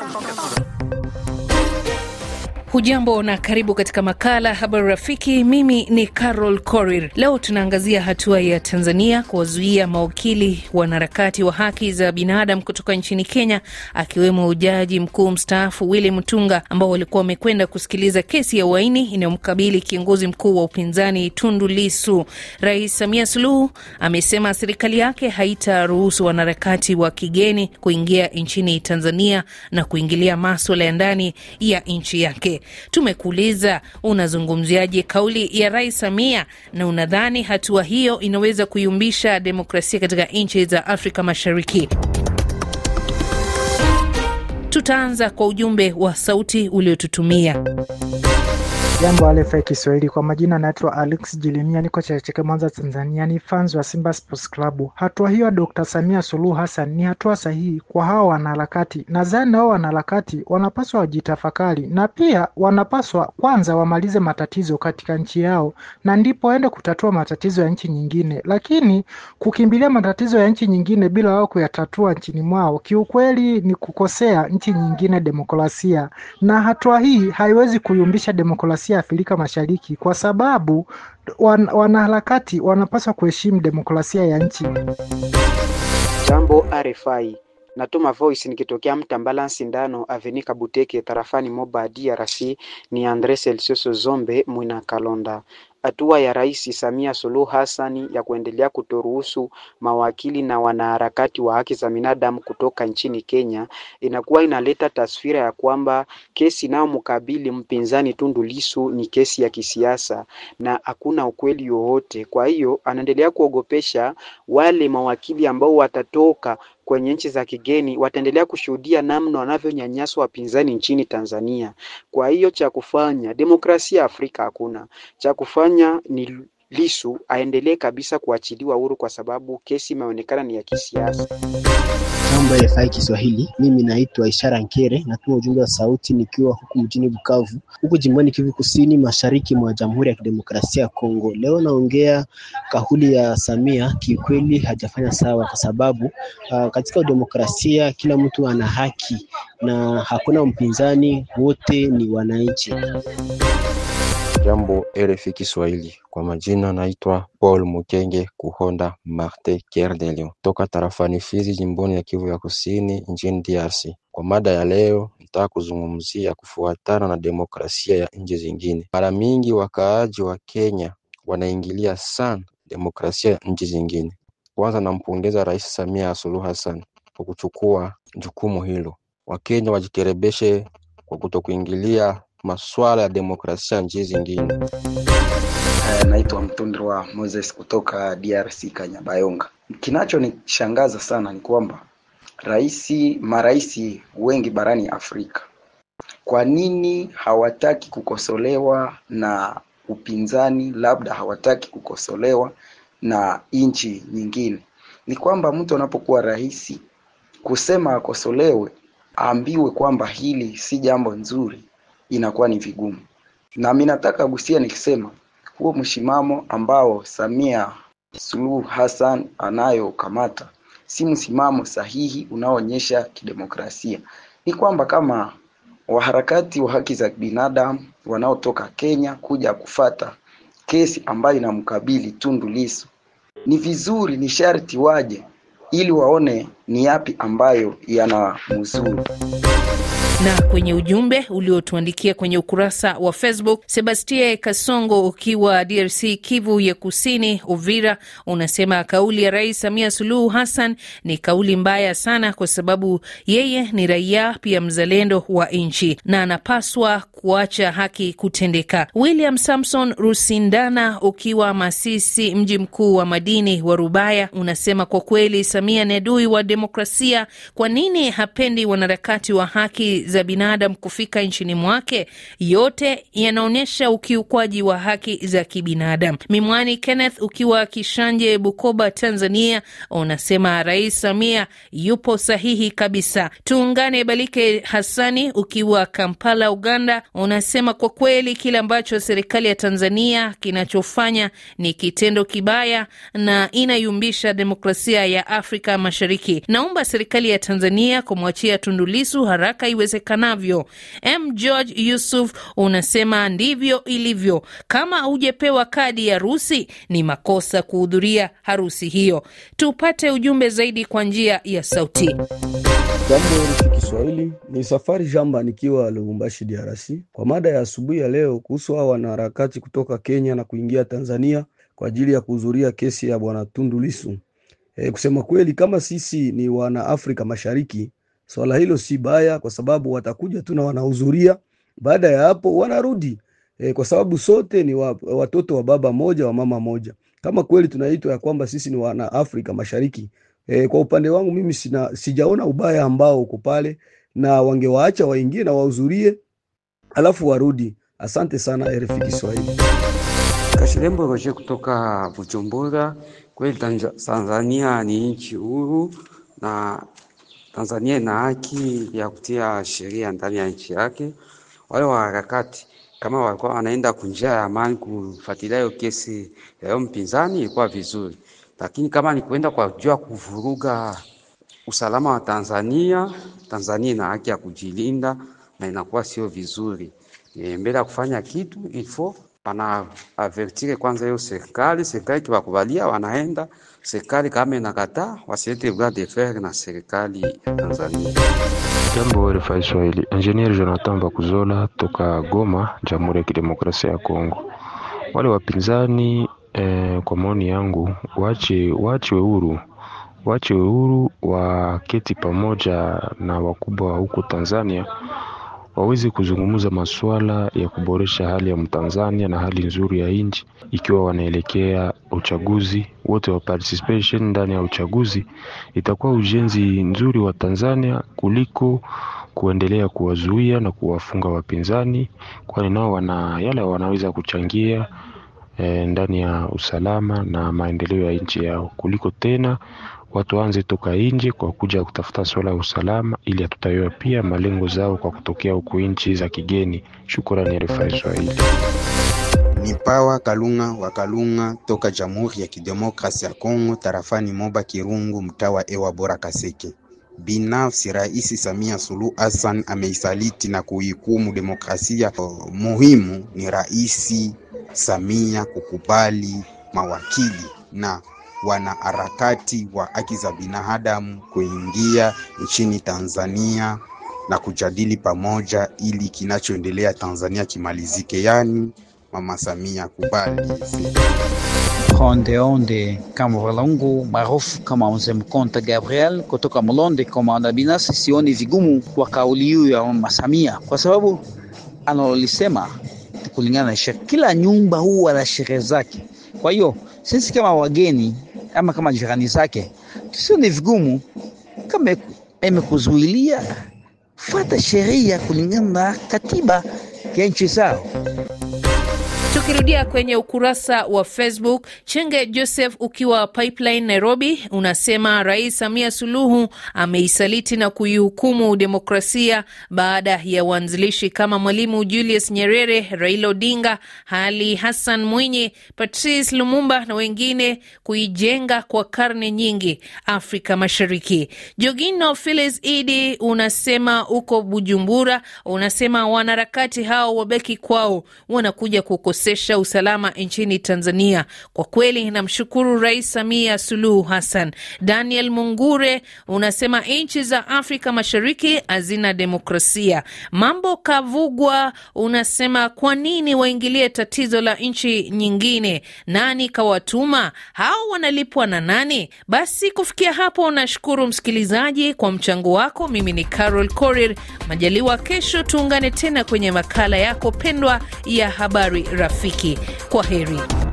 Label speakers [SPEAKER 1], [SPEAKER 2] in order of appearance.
[SPEAKER 1] 当。Hujambo na karibu katika makala habari rafiki. Mimi ni Carol Korir. Leo tunaangazia hatua ya Tanzania kuwazuia mawakili wanaharakati wa haki za binadamu kutoka nchini Kenya, akiwemo jaji mkuu mstaafu Willy Mutunga, ambao walikuwa wamekwenda kusikiliza kesi ya uhaini inayomkabili kiongozi mkuu wa upinzani Tundu Lisu. Rais Samia Suluhu amesema serikali yake haitaruhusu wanaharakati wa kigeni kuingia nchini Tanzania na kuingilia maswala ya ndani ya nchi yake. Tumekuuliza, unazungumziaje kauli ya Rais Samia na unadhani hatua hiyo inaweza kuyumbisha demokrasia katika nchi za Afrika Mashariki? Tutaanza kwa ujumbe wa sauti uliotutumia. Jambo ya Kiswahili kwa majina, naitwa Alex Jilimia, niko Checheke, Mwanza, Tanzania. Ni fans wa Simba Sports
[SPEAKER 2] Club. Hatua hiyo ya Dr. Samia Suluhu Hassan ni hatua sahihi kwa hawa wanaharakati. Nadhani hao wanaharakati wanapaswa wajitafakari, na pia wanapaswa kwanza wamalize matatizo katika nchi yao, na ndipo waende kutatua matatizo ya nchi nyingine. Lakini kukimbilia matatizo ya nchi nyingine bila wao kuyatatua nchini mwao, kiukweli ni kukosea nchi nyingine demokrasia, na hatua hii haiwezi kuyumbisha demokrasia demokrasia ya Afrika Mashariki kwa sababu wan, wanaharakati wanapaswa kuheshimu demokrasia ya nchi. Jambo RFI, natuma voice nikitokea Mtambala Sindano Avenika Buteke tarafani Moba DRC. Ni Andre Celsius Zombe Mwina Kalonda. Hatua ya Rais Samia Suluhu Hassan ya kuendelea kutoruhusu mawakili na wanaharakati wa haki za binadamu kutoka nchini Kenya inakuwa inaleta taswira ya kwamba kesi inayomkabili mpinzani Tundu Lissu ni kesi ya kisiasa na hakuna ukweli wowote. Kwa hiyo anaendelea kuogopesha wale mawakili ambao watatoka kwenye nchi za kigeni wataendelea kushuhudia namna wanavyonyanyaswa wapinzani nchini Tanzania. Kwa hiyo cha kufanya, demokrasia Afrika hakuna cha kufanya, ni lisu aendelee kabisa kuachiliwa huru, kwa sababu kesi imeonekana ni ya kisiasa. Mambo ya RFI Kiswahili, mimi naitwa Ishara Nkere, natuma ujumbe wa sauti nikiwa huku mjini Bukavu, huku jimbani Kivu Kusini, mashariki mwa Jamhuri ya Kidemokrasia ya Kongo. Leo naongea kauli ya Samia kiukweli hajafanya sawa, kwa sababu uh, katika demokrasia kila mtu ana haki na hakuna mpinzani, wote ni wananchi. Jambo RFI Kiswahili, kwa majina naitwa Paul Mukenge Kuhonda Marte Lyon toka tarafani Fizi, jimboni ya Kivu ya Kusini, nchini DRC. Kwa mada ya leo, nitaka kuzungumzia kufuatana na demokrasia ya nchi zingine. Mara mingi wakaaji wa Kenya wanaingilia sana demokrasia nchi zingine. Kwanza nampongeza Rais Samia Suluhu Hassan kwa kuchukua jukumu hilo. Wakenya wajikerebeshe kwa kutokuingilia masuala ya demokrasia nchi zingine. Eh, naitwa Mtundwa Moses kutoka DRC Kanyabayonga. Kinachonishangaza sana ni kwamba raisi maraisi wengi barani Afrika, kwa nini hawataki kukosolewa na upinzani labda hawataki kukosolewa na nchi nyingine, ni kwamba mtu anapokuwa rais kusema akosolewe, aambiwe kwamba hili si jambo nzuri, inakuwa ni vigumu. Na mimi nataka gusia nikisema huo msimamo ambao Samia Suluhu Hassan anayokamata si msimamo sahihi unaoonyesha kidemokrasia. Ni kwamba kama waharakati wa haki za binadamu wanaotoka Kenya kuja kufata kesi ambayo inamkabili Tundu Lissu, ni vizuri, ni sharti waje ili waone ni yapi ambayo yanamuzuru.
[SPEAKER 1] Na kwenye ujumbe uliotuandikia kwenye ukurasa wa Facebook, Sebastie Kasongo ukiwa DRC Kivu ya Kusini, Uvira, unasema kauli ya Rais Samia Suluhu Hassan ni kauli mbaya sana, kwa sababu yeye ni raia pia mzalendo wa nchi na anapaswa kuacha haki kutendeka. William Samson Rusindana ukiwa Masisi, mji mkuu wa madini wa Rubaya, unasema kwa kweli Samia ni adui wa demokrasia, kwa nini hapendi wanaharakati wa haki za binadamu kufika nchini mwake? Yote yanaonyesha ukiukwaji wa haki za kibinadamu. Mimwani Kenneth ukiwa Kishanje, Bukoba, Tanzania, unasema Rais Samia yupo sahihi kabisa. Tuungane. Balike hasani ukiwa Kampala, Uganda, unasema kwa kweli kile ambacho serikali ya Tanzania kinachofanya ni kitendo kibaya na inayumbisha demokrasia ya Afrika Mashariki naomba serikali ya Tanzania kumwachia Tundu Lissu haraka iwezekanavyo. M George Yusuf unasema ndivyo ilivyo, kama hujepewa kadi ya harusi ni makosa kuhudhuria harusi hiyo. Tupate ujumbe zaidi kwa njia ya sauti.
[SPEAKER 2] Jambo Kiswahili ni safari jamba, nikiwa Lubumbashi DRC, kwa mada ya asubuhi ya leo kuhusu hawa wanaharakati kutoka Kenya na kuingia Tanzania kwa ajili ya kuhudhuria kesi ya bwana Tundu Lissu. E, kusema kweli kama sisi ni wana Afrika Mashariki swala hilo si baya, kwa sababu watakuja tu na wanahudhuria, baada ya hapo wanarudi e, kwa sababu sote ni wa, watoto wa baba moja wa mama moja. Kama kweli tunaitwa ya kwamba sisi ni wana Afrika Mashariki e, kwa upande wangu mimi sina, sijaona ubaya ambao uko pale, na wangewaacha waingie na wahudhurie alafu warudi. Asante sana RFI Kiswahili. Kashirembo Roje kutoka Bujumbura. Kweli Tanzania ni nchi huru na Tanzania ina haki ya kutia sheria ndani ya nchi yake. Wale waharakati kama walikuwa wanaenda kunjia ya amani kufuatilia hiyo kesi ya yao mpinzani, ilikuwa vizuri, lakini kama ni kwenda kwa jua kuvuruga usalama wa Tanzania, Tanzania ina haki ya kujilinda na inakuwa sio vizuri e, mbele ya kufanya kitu ifo Wanaavertire kwanza hiyo serikali, serikali kiwakubalia wanaenda, serikali kama inakataa wasiete bras de fer na serikali Tanzania. Jambo RFI Swahili, Engineer Jonathan Bakuzola toka Goma, Jamhuri ya Kidemokrasia ya Kongo. Wale wapinzani eh, kwa maoni yangu wache wachiwe huru uhuru wa waketi pamoja na wakubwa huko Tanzania waweze kuzungumza masuala ya kuboresha hali ya Mtanzania na hali nzuri ya nchi, ikiwa wanaelekea uchaguzi wote wa participation ndani ya uchaguzi, itakuwa ujenzi nzuri wa Tanzania kuliko kuendelea kuwazuia na kuwafunga wapinzani, kwani nao wana yale wanaweza kuchangia e, ndani ya usalama na maendeleo ya nchi yao kuliko tena watu waanze toka nje kwa kuja kutafuta swala ya usalama, ili hatutayoa pia malengo zao kwa kutokea huku nchi za kigeni. Shukrani RFI Swahili. Ni Pawa Kalunga wa Kalunga toka Jamhuri ya Kidemokrasi ya Kongo, tarafani Moba Kirungu, mtaa wa Ewa Bora Kaseke. Binafsi Rais Samia Suluhu Hassan ameisaliti na kuihukumu demokrasia. Muhimu ni Rais Samia kukubali mawakili na wanaharakati wa haki za binadamu kuingia nchini Tanzania na kujadili pamoja ili kinachoendelea Tanzania kimalizike, yani Mama Samia kubali. Onde onde kama valungu maarufu kama mzee Mkonta Gabriel kutoka Mlonde. komanda binafsi sioni vigumu kwa kauli hiyo ya Mama Samia, kwa sababu analolisema kulingana na sheria, kila nyumba huwa na sherehe zake. Kwa hiyo sisi kama wageni ama kama jirani zake, ni vigumu kama imekuzuilia, fata sheria kulingana na katiba ya nchi zao.
[SPEAKER 1] Tukirudia kwenye ukurasa wa Facebook, Chenge Joseph ukiwa Pipeline Nairobi unasema Rais Samia Suluhu ameisaliti na kuihukumu demokrasia baada ya waanzilishi kama Mwalimu Julius Nyerere, Raila Odinga, Ali Hassan Mwinyi, Patrice Lumumba na wengine kuijenga kwa karne nyingi Afrika Mashariki. Jogino Philis Idi unasema uko Bujumbura, unasema wanaharakati hao wabeki kwao, wanakuja kukosa kukosesha usalama nchini Tanzania. Kwa kweli namshukuru Rais Samia Suluhu Hassan. Daniel Mungure unasema nchi za Afrika Mashariki hazina demokrasia. Mambo Kavugwa unasema kwa nini waingilie tatizo la nchi nyingine? Nani kawatuma hao? Wanalipwa na nani? Basi kufikia hapo, nashukuru msikilizaji kwa mchango wako. Mimi ni Carol Korir. Majaliwa kesho tuungane tena kwenye makala yako pendwa ya habari. Rafiki. Kwa heri.